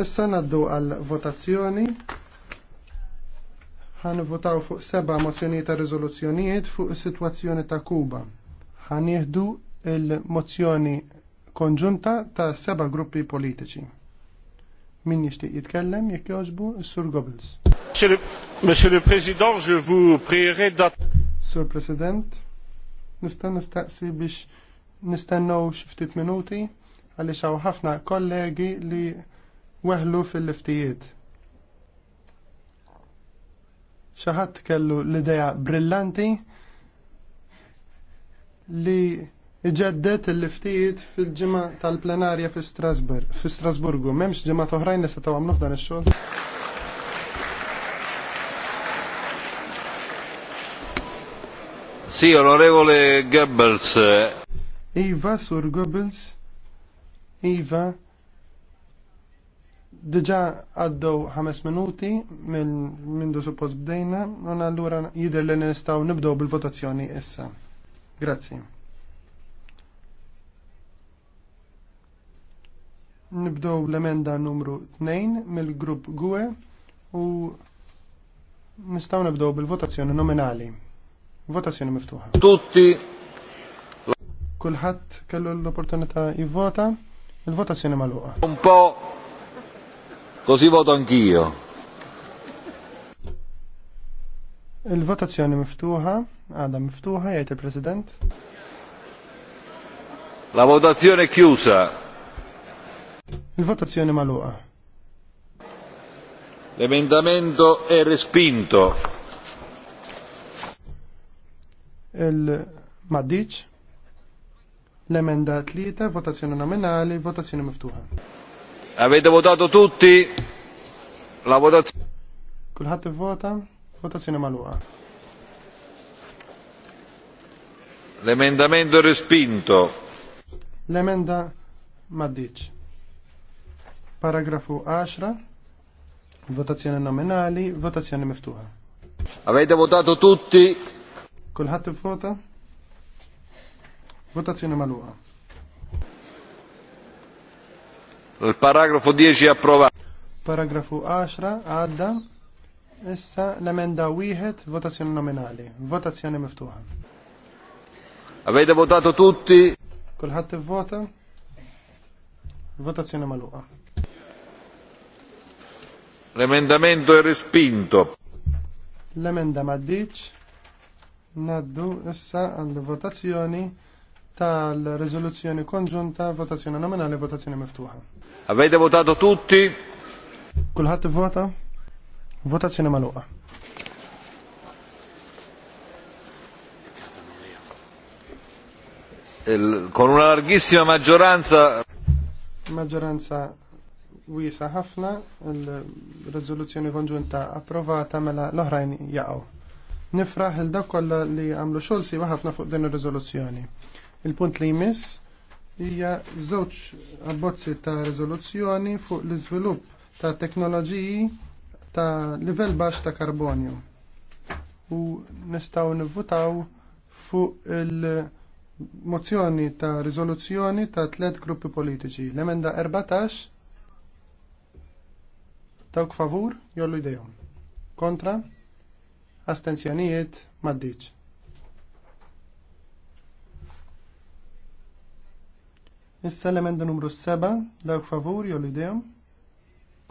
Issa naddu għal votazzjoni. Għan votaw fuq seba mozzjoni ta' riżoluzzjonijiet fuq is-sitwazzjoni ta' Kuba. Għan jihdu il-mozzjoni konġunta ta' seba gruppi politiċi. Min jixtieq jitkellem jekk jogħġbu sur Goebbels. Monsieur le Président, je vous prierai d'att... Sur President, nista' nistaqsi biex nistennu xi ftit minuti għaliex hawn ħafna kollegi li weħlu fil-liftijiet. Xaħat kellu l-ideja brillanti li iġeddet il-liftijiet fil-ġimma tal-plenarja fi Strasburg, fi Strasburgu. Memx ġimma toħrajn li setaw għamluħ dan il-xol. Si, onorevole Goebbels. Iva, sur Goebbels. Iva, Dġa għaddew ħames minuti minn du suppost bdejna, un allura jider li nistaw nibdow bil-votazzjoni issa. Grazzi. Nibdow l-emenda numru 2 mill-grupp GUE u e nistaw nibdow bil-votazzjoni nominali. Votazzjoni miftuħa. Tutti. Kulħadd kellu l-opportunità jivvota, il-votazzjoni magħluqa. Un po' Così voto anch'io. Il-votazzjoni miftuħa, għada miftuħa, jgħid il-President. La votazione chiusa. Il-votazzjoni maluqa. L'emendamento è respinto. Il-Maddiċ. L-emenda tlieta, votazzjoni nominali, votazzjoni miftuħa. Avete votato tutti? La votazione. Kulħadd vota, votazione malua. L'emendamento è respinto. L'emenda maddiċ. Paragrafo 10. Votazione nominali, Votazione meftuha. Avete votato tutti? Kulħadd vota. Votazione malua. Il-paragrafu 10 approva. Paragrafu 10 għadda. Issa l-emenda wieħed votazzjoni nominali. Votazzjoni miftuħa. Avete votato tutti? Kulħadd ivvota? Votazzjoni magħluqa. L-emendamento è respinto. L-emenda ma' Naddu issa għandu votazzjoni tal-rezoluzzjoni konġunta votazzjoni nominali votazzjoni miftuħa. Avete votato tutti? Kulħadd vota? Votazzjoni magħluqa. Con una larghissima maggioranza maggioranza wiesa ħafna il-rezoluzzjoni konġunta approvata mela l-oħrajn jaqgħu. Nifraħ il-dak kollha li għamlu xogħol siwa ħafna fuq din ir-riżoluzzjoni. Il-punt li jmiss hija żewġ abbozzi ta' riżoluzzjoni fuq l-iżvilupp ta' teknoloġiji ta' livell baxx ta' karbonju. U nistgħu nivvutaw fuq il-mozzjoni ta' riżoluzzjoni ta' tliet gruppi politiċi. L-emenda 14 dawk favur jollu jdejhom. Kontra? Astenzjonijiet maddiċ. Issa l-emenda numru 7, dawk favur jew l-idejhom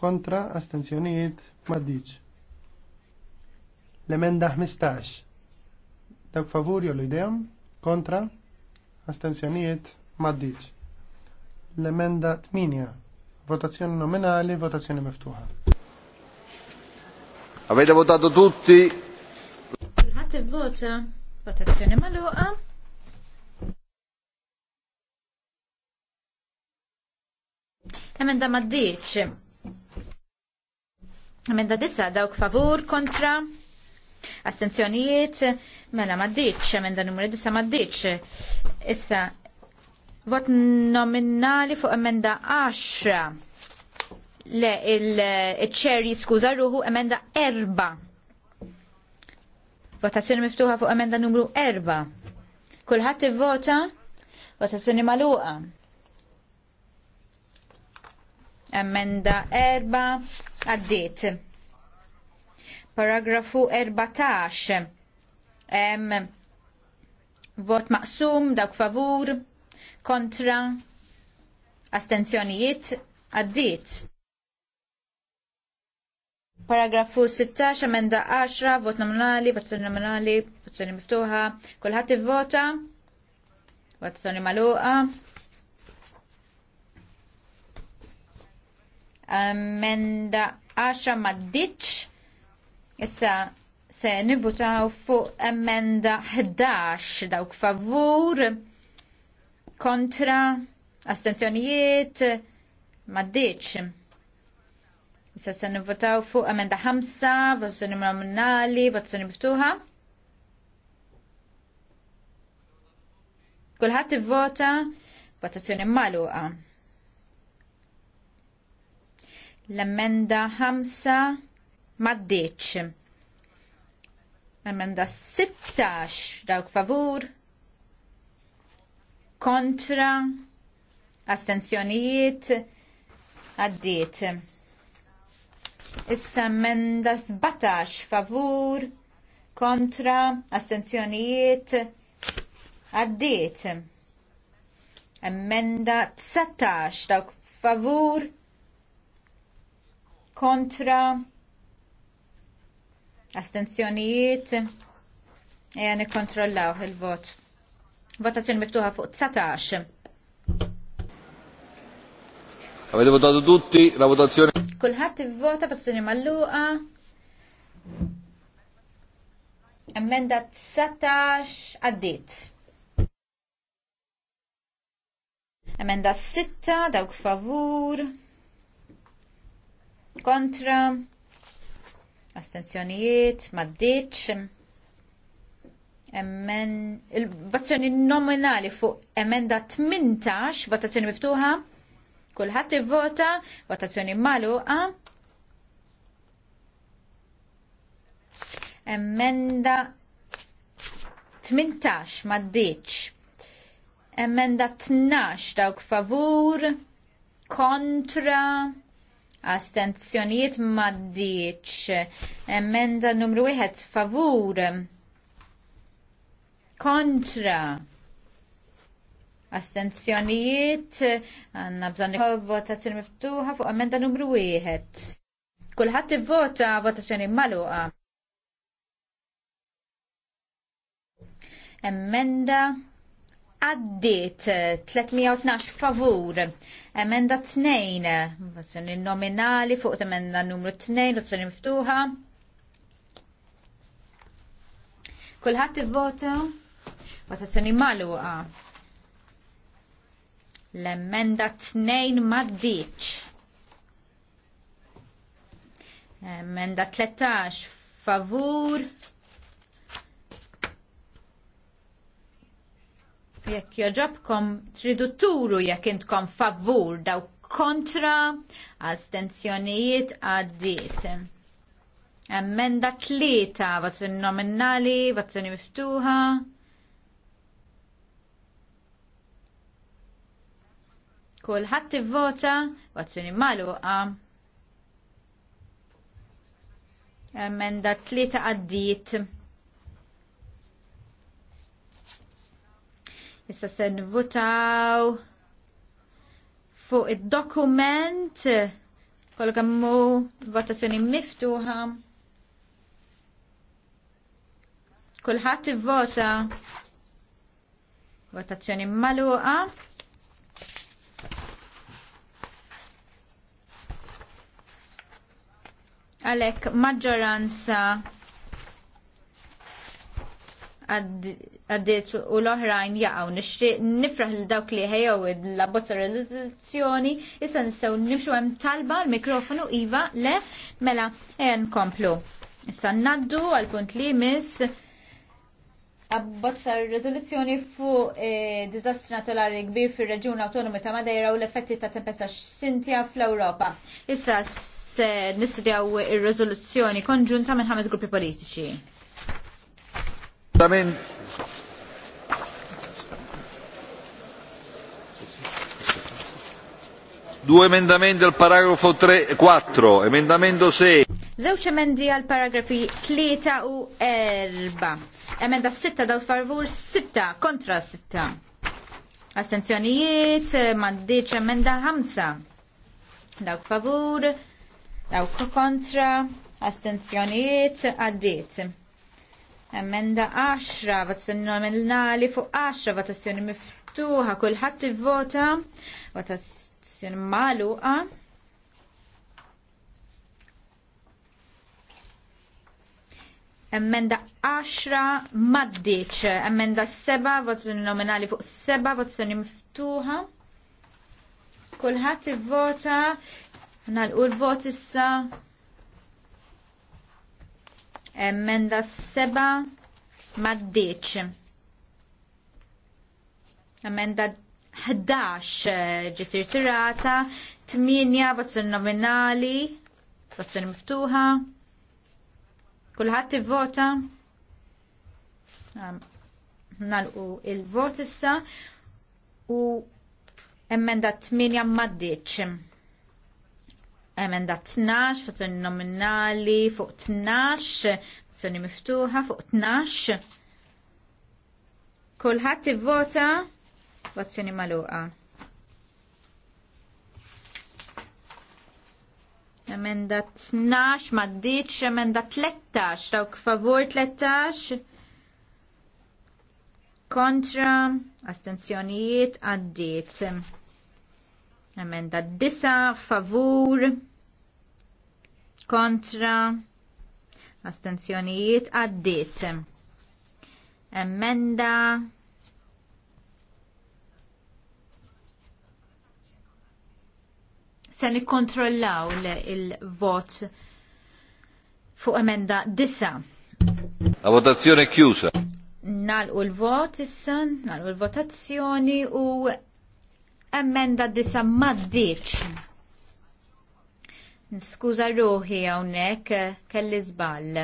kontra astenzjonijiet maddiċ. L-emenda 15, dawk favur jew l-idejhom kontra astenzjonijiet maddiċ. L-emenda 8, votazzjoni nominali, votazzjoni miftuħa. Avete votato tutti? Kulħadd ivvota, Emenda maddiċ. Emenda disa dawk favur kontra. Astenzjonijiet, mela maddiċ, emenda numru disa maddiċ. Issa, vot nominali fuq emenda 10. Le, il-ċerri skuza ruħu emenda 4. Votazzjoni miftuħa fuq emenda numru 4. Kulħadd ivvota, votazzjoni maluqa. Emenda 4 għaddiet. Paragrafu 14. Em, vot maqsum, dawk favur, kontra, astenzjonijiet, għaddiet. Paragrafu 16, emenda 10, vot nominali, votazzjoni nominali, votazzjoni miftuħa, kulħadd ivvota, votazzjoni magħluqa. Amenda għaxa ma Issa se nivutaw fuq emenda 11 dawk favur kontra astenzjonijiet ma Issa se nivutaw fuq emenda 5 votazzjoni nominali, votazzjoni miftuħa. Kulħadd ivvota votazzjoni magħluqa. L-emenda 5 l Emenda 16 dawk favur. Kontra. Astenzjonijiet. Għaddiet. Issa emenda 17 favur. Kontra. Astenzjonijiet. Għaddiet. Emenda 19 dawk favur kontra, astenzjonijiet, eja nikkontrollaw il-vot. Votazzjoni miftuħa fuq 19. Avete votato tutti, la votazione... Kulħadd ivvota votazzjoni malluqa. Emenda 19 għaddiet. Emenda 6 dawk favur kontra, astenzjonijiet, maddiċ, emmen, il-votazzjoni nominali fuq emenda 18, votazzjoni miftuħa, Kulħadd ivvota, votazzjoni maluqa, emenda 18 maddiċ, emenda 12 dawk favur, kontra, astenzjonijiet maddiċ. Emenda numru 1 favur kontra astenzjonijiet għanna bżon votazzjoni miftuħa fuq emenda numru 1. Kulħadd ivvota votazzjoni maluqa. Emenda għaddit 312 eh, favur, emenda 2, eh, votazzjoni nominali fuq emenda numru 2, votazzjoni miftuħa. Kulħadd il-voto votazzjoni magħluqa. L-emenda 2 maddiċ. Emenda 13 favur, Jekk joġobkom tridu turu jekk intkom favur daw kontra astenzjonijiet għaddiet. Emmenda tlieta, votazzjoni nominali, votazzjoni miftuħa. Kulħadd ivvota, votazzjoni magħluqa. Emmenda tlieta għaddiet. Issa se nivutaw fuq id-dokument kollu kammu votazzjoni miftuħa. Kulħadd ivvota votazzjoni maluqa. Għalek maġġoranza għad għaddiet u l-oħrajn jaqgħu nixtieq nifraħ lil dawk li ħejew la bozza realizzazzjoni issa nistgħu nimxu hemm talba l-mikrofonu iva le mela komplu. Issa naddu għal punt li miss abbozza r-rezoluzzjoni fuq eh, dizastri naturali kbir fir-reġjun autonomi ta' Madeira u l-effetti ta' tempesta x'Sintja fl-Ewropa. Issa se nistudjaw il rezoluzzjoni konġunta minn ħames gruppi politiċi. Due emendamenti al paragrafo 3, 4, emendamento 6. Zewċ emendi għal paragrafi 3 u 4. Emenda 6 dal farvur 6 kontra 6. Astenzjonijiet, mandiċ emenda 5. Dawk favur, dawk kontra, astenzjonijiet, għaddiet. Emenda 10, votazzjoni nominali fuq 10, votazzjoni miftuħa, kullħat vota, votazzjoni votazzjoni magħluqa. Emmenda 10 maddiċ, emmenda 7, votazzjoni nominali fuq 7, votazzjoni miftuħa. Kulħadd ivvota, nagħlqu l-vot issa. Emmenda 7 maddiċ. Emmenda 11 ġiet irtirata, 8 votazzjoni nominali, votazzjoni miftuħa. Kulħadd ivvota. Nalqu il-vot issa u emenda 8 maddiċ. Emenda 12, votazzjoni nominali fuq 12, votazzjoni miftuħa fuq 12. Kulħadd ivvota. vota Votazzjoni magħluqa. Emenda 12 ma ddiċ, emenda 13, dawk favor 13. Kontra, astenzjonijiet għaddiet. Emenda 9, favur. Kontra, astenzjonijiet għaddiet. Emenda se nikkontrollaw il-vot fuq emenda disa. La votazzjoni è chiusa. Nalqu l-vot issa, nalqu l-votazzjoni u emenda disa maddiċ. Niskuża ruħi hawnhekk kelli zball.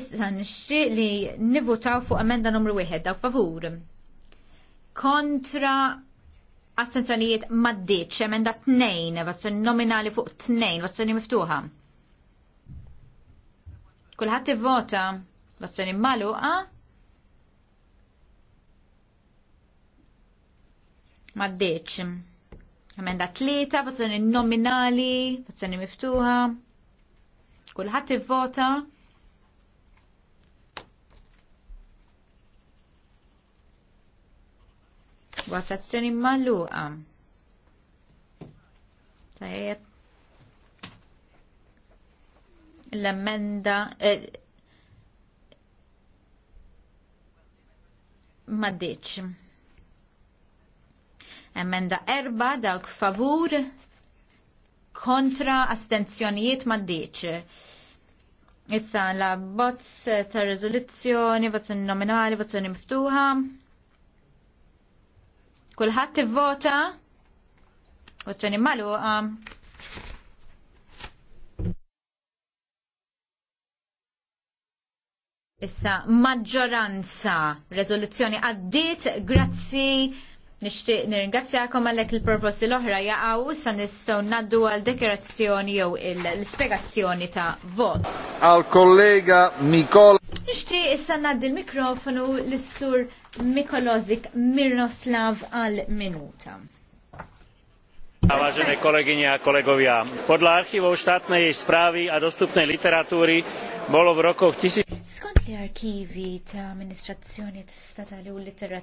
Issa nixtieq li nivutaw fuq emenda numru wieħed dawk favur. Kontra Astenzjonijiet maddiċ, emenda nejn votazzjoni nominali fuq 2, votazzjoni miftuħa. Kulħadd ivvota, votazzjoni maluqa. Maddiċ. Emenda 3, votazzjoni nominali, votazzjoni miftuħa. Kulħadd ivvota, Votazzjoni maluqa. Tajjeb. L-emenda eh, maddiċ. Emenda erba dawk favur kontra astenzjonijiet maddiċ. Issa la bozz ta' rezoluzzjoni, votazzjoni nominali, votazzjoni miftuħa. Kulħadd ivvota. Votazzjoni magħluqa. Issa maġġoranza rezoluzzjoni għaddit grazzi nixtieq nirringrazzjakom għalhekk il-proposti l-oħra jaqgħu sa nistgħu ngħaddu għal dekorazzjoni jew l spjegazzjoni ta' vot. Al kollega Mikola Nishti issa naddi l-mikrofonu l-sur Mikolozik Miroslav għal minuta. Vážené kolegyne a kolegovia, podľa archívov štátnej správy a dostupnej literatúry bolo v rokoch tisíc... Skont li arkivi ta' amministrazzjoni statali u